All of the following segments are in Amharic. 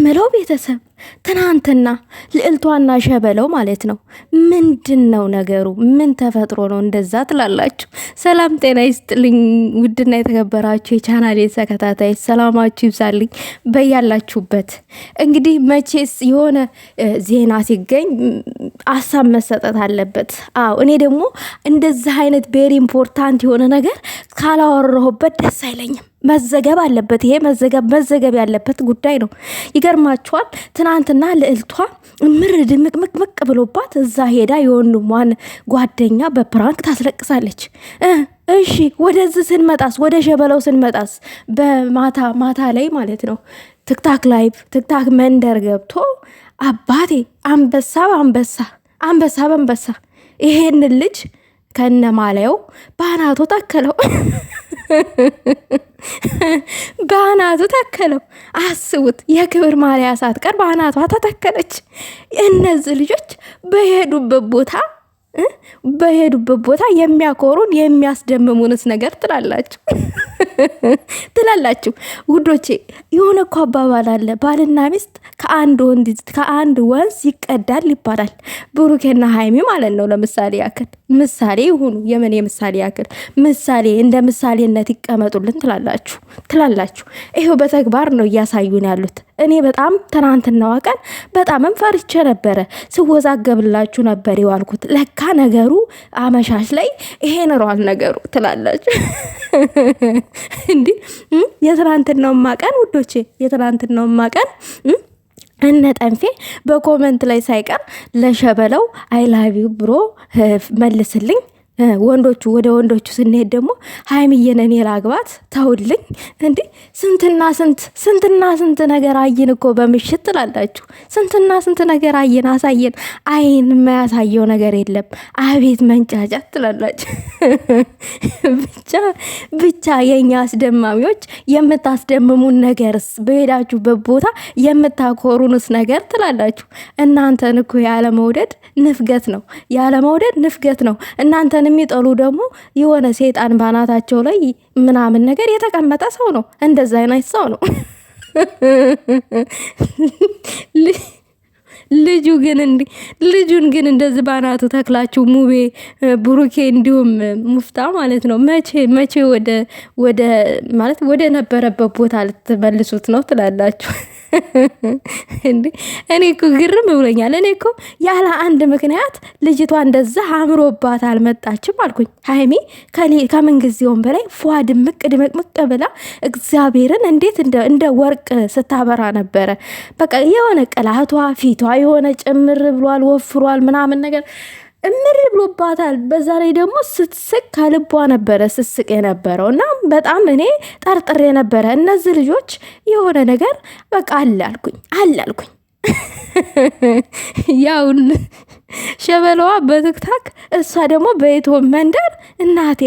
የምለው ቤተሰብ ትናንትና ልዕልቷና ሸበለው ማለት ነው። ምንድን ነው ነገሩ? ምን ተፈጥሮ ነው እንደዛ ትላላችሁ? ሰላም ጤና ይስጥልኝ። ውድና የተከበራችሁ የቻናሌ ተከታታይ ሰላማችሁ ይብዛልኝ በያላችሁበት። እንግዲህ መቼስ የሆነ ዜና ሲገኝ አሳብ መሰጠት አለበት። አዎ እኔ ደግሞ እንደዚህ አይነት ቤሪ ኢምፖርታንት የሆነ ነገር ካላወረሁበት ደስ አይለኝም። መዘገብ አለበት። ይሄ መዘገብ መዘገብ ያለበት ጉዳይ ነው። ይገርማችኋል ትናንትና ልዕልቷ ምር ድምቅምቅምቅ ብሎባት እዛ ሄዳ የወንድሟን ጓደኛ በፕራንክ ታስለቅሳለች። እሺ ወደዚህ ስንመጣስ ወደ ሸበለው ስንመጣስ በማታ ማታ ላይ ማለት ነው ትክታክ ላይቭ ትክታክ መንደር ገብቶ አባቴ አንበሳ በአንበሳ አንበሳ በአንበሳ ይሄንን ልጅ ከነማለው በአናቶ ተከለው። በአናቱ ተከለው። አስቡት፣ የክብር ሳት ሳትቀር በአናቷ ተተከለች። እነዚህ ልጆች በሄዱበት ቦታ በሄዱበት ቦታ የሚያኮሩን የሚያስደምሙንስ ነገር ትላላችሁ። ትላላችሁ ውዶቼ። የሆነ እኮ አባባል አለ፣ ባልና ሚስት ከአንድ ወንድ ከአንድ ወንዝ ይቀዳል ይባላል። ብሩኬና ሀይሚ ማለት ነው። ለምሳሌ ያክል ምሳሌ ይሁኑ፣ የምን የምሳሌ ያክል ምሳሌ እንደ ምሳሌነት ይቀመጡልን ትላላችሁ ትላላችሁ። ይሄው በተግባር ነው እያሳዩን ያሉት። እኔ በጣም ትናንትናዋ ቀን በጣምም ፈርቼ ነበረ። ስወዛገብላችሁ ነበር የዋልኩት። ለካ ነገሩ አመሻሽ ላይ ይሄ ነሯል ነገሩ ትላላችሁ። እንዲህ የትናንትናውማ ቀን ውዶቼ፣ የትናንትናውማ ቀን እነ ጠንፌ በኮመንት ላይ ሳይቀር ለሸበለው አይላቪው ብሮ መልስልኝ ወንዶቹ ወደ ወንዶቹ ስንሄድ ደግሞ ሀይሚዬን እኔ ላግባት ተውልኝ። እንዲህ ስንትና ስንት ስንትና ስንት ነገር አየን እኮ በምሽት ትላላችሁ። ስንትና ስንት ነገር አየን፣ አሳየን። አይን የማያሳየው ነገር የለም። አቤት መንጫጫት ትላላችሁ። ብቻ ብቻ የእኛ አስደማሚዎች የምታስደምሙን ነገርስ በሄዳችሁበት ቦታ የምታኮሩንስ ነገር ትላላችሁ። እናንተን እኮ ያለመውደድ ንፍገት ነው። ያለመውደድ ንፍገት ነው እናንተን የሚጠሉ ደግሞ የሆነ ሴጣን ባናታቸው ላይ ምናምን ነገር የተቀመጠ ሰው ነው። እንደዛ አይነት ሰው ነው። ልጁ ግን እንዲ ልጁን ግን እንደዚህ ባናቱ ተክላችሁ ሙቤ ብሩኬ እንዲሁም ሙፍታ ማለት ነው። መቼ መቼ ወደ ወደ ማለት ወደ ነበረበት ቦታ ልትመልሱት ነው ትላላችሁ? እንዴ እኔ እኮ ግርም ብሎኛል። እኔ እኮ ያለ አንድ ምክንያት ልጅቷ እንደዛ አምሮባት አልመጣችም አልኩኝ። ሀይሜ ከምን ጊዜውም በላይ ፏ ድምቅ ድምቅምቅ ብላ እግዚአብሔርን እንዴት እንደ ወርቅ ስታበራ ነበረ። በቃ የሆነ ቅላቷ ፊቷ የሆነ ጭምር ብሏል፣ ወፍሯል ምናምን ነገር እምር ብሎባታል። በዛ ላይ ደግሞ ስትስቅ ከልቧ ነበረ ስስቅ የነበረው እና በጣም እኔ ጠርጥሬ ነበረ እነዚህ ልጆች የሆነ ነገር በቃ አላልኩኝ አላልኩኝ ያው ሸበለዋ በትክታክ እሷ ደግሞ በየቶ መንደር እናቴ።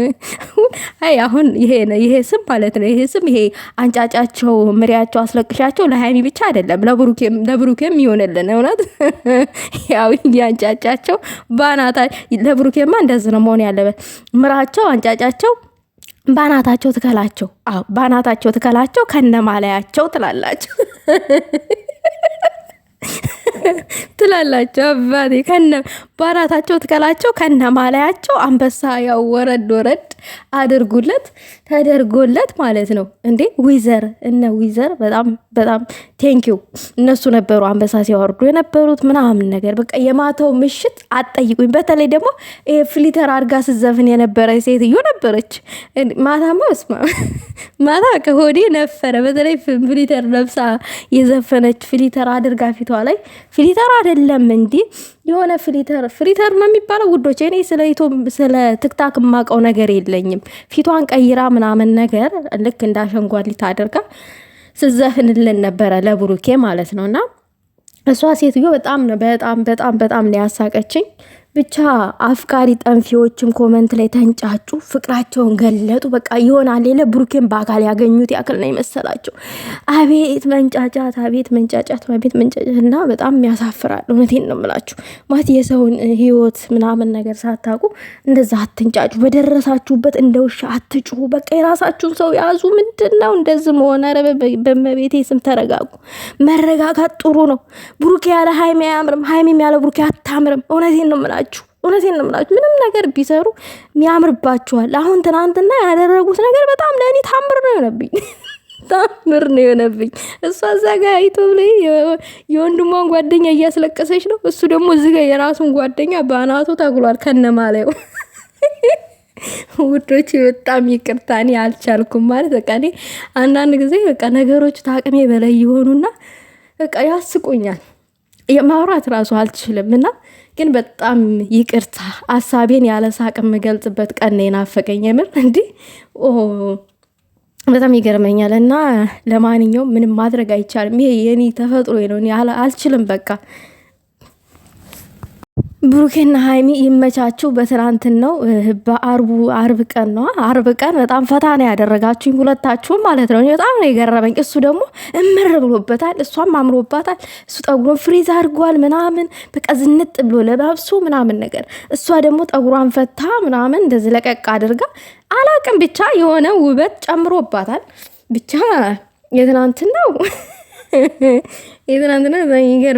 አይ አሁን ይሄ ይሄ ስም ማለት ነው። ይሄ ስም ይሄ አንጫጫቸው፣ ምሪያቸው፣ አስለቅሻቸው ለሀይሚ ብቻ አይደለም ለብሩኬም ይሆንልን። እውነት ያው የአንጫጫቸው ባናታ ለብሩኬማ እንደዚህ ነው መሆን ያለበት። ምራቸው፣ አንጫጫቸው ባናታቸው ትከላቸው። ባናታቸው ትከላቸው ከነማላያቸው ትላላቸው። ትላላቸው አባቴ ከነ ባራታቸው ትቀላቸው ከነ ማላያቸው አንበሳ ያው ወረድ ወረድ አድርጉለት ተደርጎለት ማለት ነው እንዴ ዊዘር እነ ዊዘር በጣም በጣም ቴንኪው እነሱ ነበሩ አንበሳ ሲያወርዱ የነበሩት ምናምን ነገር በቃ የማታው ምሽት አጠይቁኝ በተለይ ደግሞ ፍሊተር አድርጋ ስዘፍን የነበረ ሴትዮ ነበረች ማታማ ስማ ማታ ከሆዴ ነፈረ በተለይ ፍሊተር ለብሳ የዘፈነች ፍሊተር አድርጋ ፊቷ ላይ ፍሊተር አይደለም እንዲ የሆነ ፍሊተር ፍሪተር ነው የሚባለው ውዶች። እኔ ስለ ትክታክ የማውቀው ነገር የለኝም። ፊቷን ቀይራ ምናምን ነገር ልክ እንደ አድርጋ ስዘፍንልን ነበረ ለብሩኬ ማለት ነው። እና እሷ ሴትዮ በጣም በጣም በጣም በጣም ነው ያሳቀችኝ። ብቻ አፍቃሪ ጠንፊዎችም ኮመንት ላይ ተንጫጩ፣ ፍቅራቸውን ገለጡ። በቃ ይሆናል ሌለ ብሩኬን በአካል ያገኙት ያክል ነው የመሰላቸው። አቤት መንጫጫት፣ አቤት መንጫጫት፣ አቤት መንጫጫት እና በጣም ያሳፍራል። እውነቴን ነው የምላችሁ። ማለት የሰውን ህይወት ምናምን ነገር ሳታውቁ እንደዛ አትንጫጩ። በደረሳችሁበት እንደ ውሻ አትጩሁ። በቃ የራሳችሁን ሰው ያዙ። ምንድን ነው እንደዚህ መሆን? ኧረ በመቤቴ ስም ተረጋጉ። መረጋጋት ጥሩ ነው። ብሩኬ ያለ ሀይሜ አያምርም፣ ሀይሜም ያለ ብሩኬ አታምርም። እውነቴን ነው የምላችሁ። እውነቴን ነው የምላችሁ። ምንም ነገር ቢሰሩ ያምርባችኋል። አሁን ትናንትና ያደረጉት ነገር በጣም ለእኔ ታምር ነው የሆነብኝ ታምር ነው የሆነብኝ። እሷ እዛ ጋ አይቶ ላይ የወንድሟን ጓደኛ እያስለቀሰች ነው፣ እሱ ደግሞ እዚ ጋ የራሱን ጓደኛ በአናቱ ተግሏል ከነማላዩ። ውዶች በጣም ይቅርታ እኔ አልቻልኩም። ማለት በቃ እኔ አንዳንድ ጊዜ በቃ ነገሮች ታቅሜ በላይ የሆኑና በቃ ያስቁኛል። ማውራት ራሱ አልችልም እና ግን በጣም ይቅርታ ሀሳቤን ያለ ሳቅ የምገልጽበት ቀን ናፈቀኝ። የምር እንዲህ በጣም ይገርመኛል። እና ለማንኛውም ምንም ማድረግ አይቻልም። ይሄ የኔ ተፈጥሮ ነው። አልችልም በቃ ብሩኬና ሀይሚ ይመቻችሁ። በትናንትን ነው በአርቡ አርብ ቀን ነው አርብ ቀን በጣም ፈታ ነው ያደረጋችሁኝ ሁለታችሁም ማለት ነው። በጣም ነው የገረመኝ። እሱ ደግሞ እምር ብሎበታል፣ እሷም አምሮባታል። እሱ ጠጉሮን ፍሪዝ አድርጓል ምናምን በቃ ዝንጥ ብሎ ለባብሶ ምናምን ነገር፣ እሷ ደግሞ ጠጉሯን ፈታ ምናምን እንደዚህ ለቀቅ አድርጋ አላቅም ብቻ የሆነ ውበት ጨምሮባታል ብቻ የትናንትን ነው የትናንትና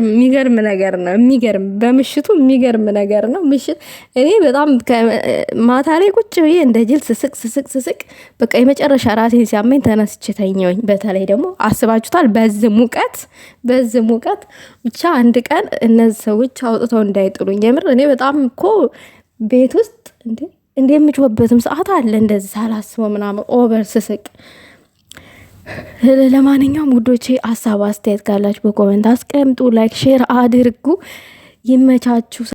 የሚገርም ነገር ነው። የሚገርም በምሽቱ የሚገርም ነገር ነው። ምሽት እኔ በጣም ማታ ላይ ቁጭ ብዬ እንደ ጅል ስስቅ ስስቅ ስስቅ በቃ የመጨረሻ ራሴን ሲያመኝ ተነስቼ ተኛሁኝ። በተለይ ደግሞ አስባችሁታል። በዝ ሙቀት በዝ ሙቀት ብቻ አንድ ቀን እነዚህ ሰዎች አውጥተው እንዳይጥሉኝ። የምር እኔ በጣም እኮ ቤት ውስጥ እንዴ እንደምጮህበትም ሰዓት አለ እንደዚህ ሳላስበው ምናምን ኦቨር ስስቅ ለማንኛውም ውዶቼ ሀሳብ አስተያየት ካላችሁ በኮመንት አስቀምጡ። ላይክ ሼር አድርጉ። ይመቻችሁ።